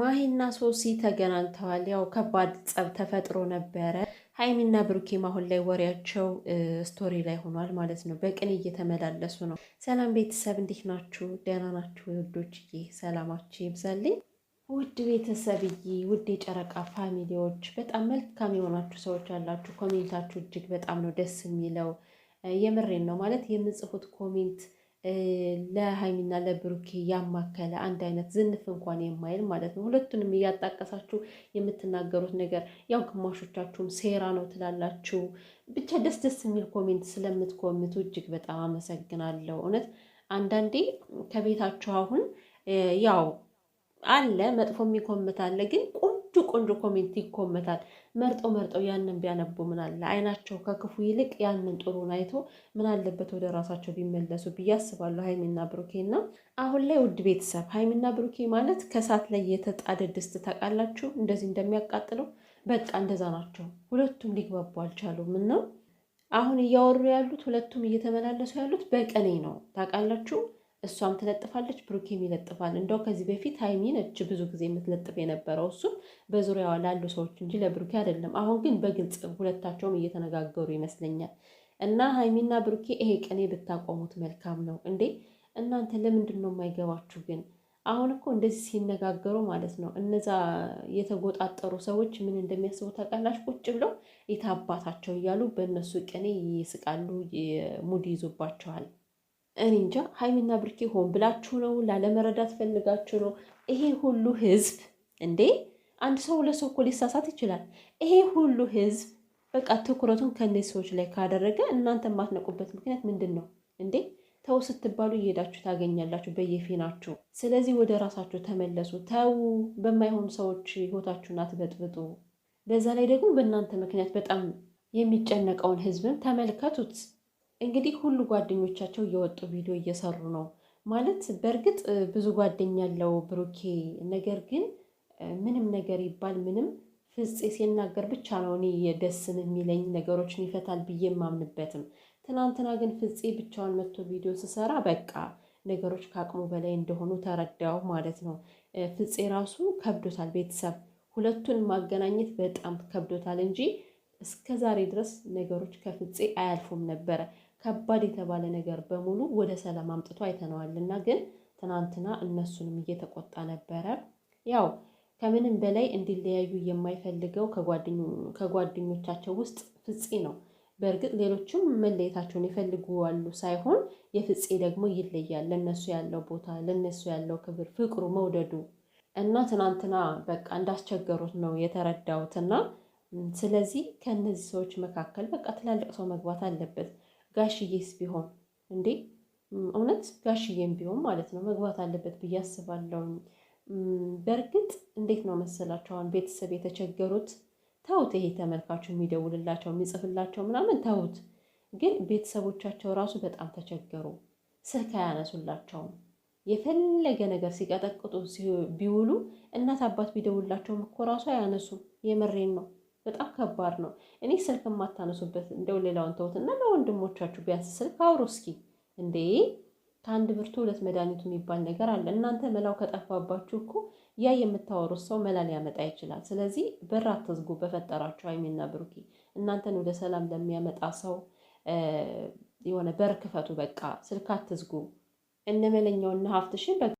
ማሂና ሶሲ ተገናኝተዋል። ያው ከባድ ጸብ ተፈጥሮ ነበረ። ሀይሚና ብሩኬም አሁን ላይ ወሬያቸው ስቶሪ ላይ ሆኗል ማለት ነው። በቅን እየተመላለሱ ነው። ሰላም ቤተሰብ እንዴት ናችሁ? ደህና ናችሁ? ውዶችዬ ሰላማችሁ ይብዛልኝ። ውድ ቤተሰብዬ፣ ውድ የጨረቃ ፋሚሊዎች፣ በጣም መልካም የሆናችሁ ሰዎች አላችሁ። ኮሜንታችሁ እጅግ በጣም ነው ደስ የሚለው። የምሬን ነው ማለት የምጽፉት ኮሜንት ለሀይሚና ለብሩኬ ያማከለ አንድ አይነት ዝንፍ እንኳን የማይል ማለት ነው። ሁለቱንም እያጣቀሳችሁ የምትናገሩት ነገር ያው ግማሾቻችሁም ሴራ ነው ትላላችሁ። ብቻ ደስ ደስ የሚል ኮሜንት ስለምትኮምቱ እጅግ በጣም አመሰግናለሁ። እውነት አንዳንዴ ከቤታችሁ አሁን ያው አለ መጥፎ የሚኮምት አለ ግን ቆንጆ ቆንጆ ኮሜንት ይኮመታል። መርጠው መርጠው ያንን ቢያነቡ ምናለ አይናቸው ከክፉ ይልቅ ያንን ጥሩን አይቶ ምን አለበት ወደ ራሳቸው ቢመለሱ ብዬ አስባለሁ። ሀይሚና ብሩኬ እና አሁን ላይ ውድ ቤተሰብ ሀይሚና ብሩኬ ማለት ከእሳት ላይ የተጣደ ድስት ታውቃላችሁ፣ እንደዚህ እንደሚያቃጥለው በቃ እንደዛ ናቸው። ሁለቱም ሊግባቡ አልቻሉም እና አሁን እያወሩ ያሉት ሁለቱም እየተመላለሱ ያሉት በቀኔ ነው ታውቃላችሁ እሷም ትለጥፋለች፣ ብሩኬም ይለጥፋል። እንደው ከዚህ በፊት ሀይሚ ነች ብዙ ጊዜ የምትለጥፍ የነበረው እሱም በዙሪያዋ ላሉ ሰዎች እንጂ ለብሩኬ አይደለም። አሁን ግን በግልጽ ሁለታቸውም እየተነጋገሩ ይመስለኛል። እና ሀይሚና ብሩኬ ይሄ ቀኔ ብታቆሙት መልካም ነው እንዴ! እናንተ ለምንድን ነው የማይገባችሁ ግን አሁን እኮ እንደዚህ ሲነጋገሩ ማለት ነው። እነዛ የተጎጣጠሩ ሰዎች ምን እንደሚያስቡ ታውቃላችሁ? ቁጭ ብለው የታባታቸው እያሉ በእነሱ ቅኔ ይስቃሉ፣ ሙድ ይዞባቸዋል። እኔ እንጃ ሀይሚና ብርኬ ሆን ብላችሁ ነው? ላለመረዳት ፈልጋችሁ ነው? ይሄ ሁሉ ህዝብ እንዴ! አንድ ሰው ሁለት ሰው እኮ ሊሳሳት ይችላል። ይሄ ሁሉ ህዝብ በቃ ትኩረቱን ከእነዚህ ሰዎች ላይ ካደረገ እናንተ የማትነቁበት ምክንያት ምንድን ነው እንዴ? ተው ስትባሉ እየሄዳችሁ ታገኛላችሁ በየፊናችሁ። ስለዚህ ወደ ራሳችሁ ተመለሱ። ተዉ፣ በማይሆኑ ሰዎች ህይወታችሁን አትበጥብጡ። በዛ ላይ ደግሞ በእናንተ ምክንያት በጣም የሚጨነቀውን ህዝብም ተመልከቱት። እንግዲህ ሁሉ ጓደኞቻቸው እየወጡ ቪዲዮ እየሰሩ ነው ማለት። በእርግጥ ብዙ ጓደኛ ያለው ብሩኬ፣ ነገር ግን ምንም ነገር ይባል ምንም ፍፄ ሲናገር ብቻ ነው እኔ የደስን የሚለኝ ነገሮችን ይፈታል ብዬ የማምንበትም። ትናንትና ግን ፍፄ ብቻውን መጥቶ ቪዲዮ ስሰራ በቃ ነገሮች ከአቅሙ በላይ እንደሆኑ ተረዳው ማለት ነው። ፍፄ ራሱ ከብዶታል፣ ቤተሰብ ሁለቱን ማገናኘት በጣም ከብዶታል እንጂ እስከ ዛሬ ድረስ ነገሮች ከፍጼ አያልፉም ነበረ። ከባድ የተባለ ነገር በሙሉ ወደ ሰላም አምጥቶ እና ግን ትናንትና እነሱንም እየተቆጣ ነበረ። ያው ከምንም በላይ እንዲለያዩ የማይፈልገው ከጓደኞቻቸው ውስጥ ፍፄ ነው። በእርግጥ ሌሎችም መለየታቸውን ይፈልጉዋሉ ሳይሆን የፍፄ ደግሞ ይለያል። ለነሱ ያለው ቦታ፣ ለነሱ ያለው ክብር፣ ፍቅሩ፣ መውደዱ እና ትናንትና በቃ እንዳስቸገሩት ነው የተረዳውትና ስለዚህ ከእነዚህ ሰዎች መካከል በቃ ትላልቅ ሰው መግባት አለበት። ጋሽዬስ ቢሆን እንዴ እውነት ጋሽዬም ቢሆን ማለት ነው መግባት አለበት ብዬ አስባለሁ። በእርግጥ እንዴት ነው መሰላቸው አሁን ቤተሰብ የተቸገሩት ተውት፣ ይሄ ተመልካቹ የሚደውልላቸው የሚጽፍላቸው ምናምን ተውት። ግን ቤተሰቦቻቸው ራሱ በጣም ተቸገሩ። ስልክ አያነሱላቸውም። የፈለገ ነገር ሲቀጠቅጡ ቢውሉ እናት አባት ቢደውላቸውም እኮ ራሱ አያነሱም። የምሬን ነው። በጣም ከባድ ነው። እኔ ስልክ የማታነሱበት እንደው ሌላውን እና ለወንድሞቻችሁ ቢያንስ ስልክ አውሩ እስኪ እንዴ። ከአንድ ብርቱ ሁለት መድኃኒቱ የሚባል ነገር አለ። እናንተ መላው ከጠፋባችሁ እኮ ያ የምታወሩት ሰው መላ ሊያመጣ ይችላል። ስለዚህ በር አትዝጉ በፈጠራችሁ። ሀይሚና ብሩኪ እናንተን ወደ ሰላም ለሚያመጣ ሰው የሆነ በር ክፈቱ። በቃ ስልክ አትዝጉ። እነ መለኛውና ሀፍትሽን